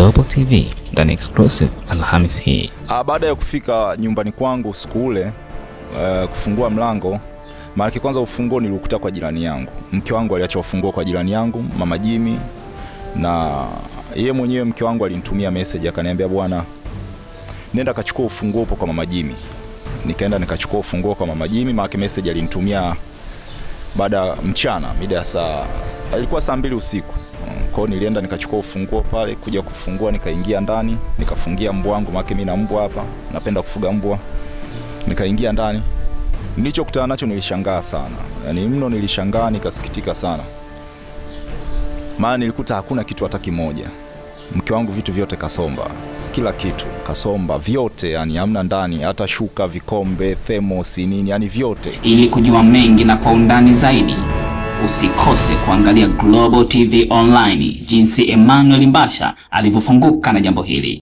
Global TV ndani exclusive Alhamis hii. Ah, baada ya kufika nyumbani kwangu siku ule uh, kufungua mlango mara kwanza ufunguo niliukuta kwa jirani yangu. Mke wangu aliacha ufunguo kwa jirani yangu, mama Jimmy, na yeye mwenyewe mke wangu alinitumia message akaniambia, bwana, nenda kachukua ufunguo upo kwa mama Jimmy. Nikaenda nikachukua ufunguo kwa mama Jimmy, maana message alinitumia baada ya mchana mida ya saa ilikuwa saa mbili usiku mm, kwao nilienda nikachukua ufunguo pale kuja kufungua nikaingia ndani nikafungia mbwa wangu maake mi na mbwa hapa napenda kufuga mbwa nikaingia ndani nilichokutana nacho nilishangaa sana yani mno nilishangaa nikasikitika sana maana nilikuta hakuna kitu hata kimoja mke wangu vitu vyote kasomba, kila kitu kasomba vyote, yani amna ndani, hata shuka, vikombe, themosi, nini, yani vyote. Ili kujua mengi na kwa undani zaidi, usikose kuangalia Global TV Online, jinsi Emmanuel Mbasha alivyofunguka na jambo hili.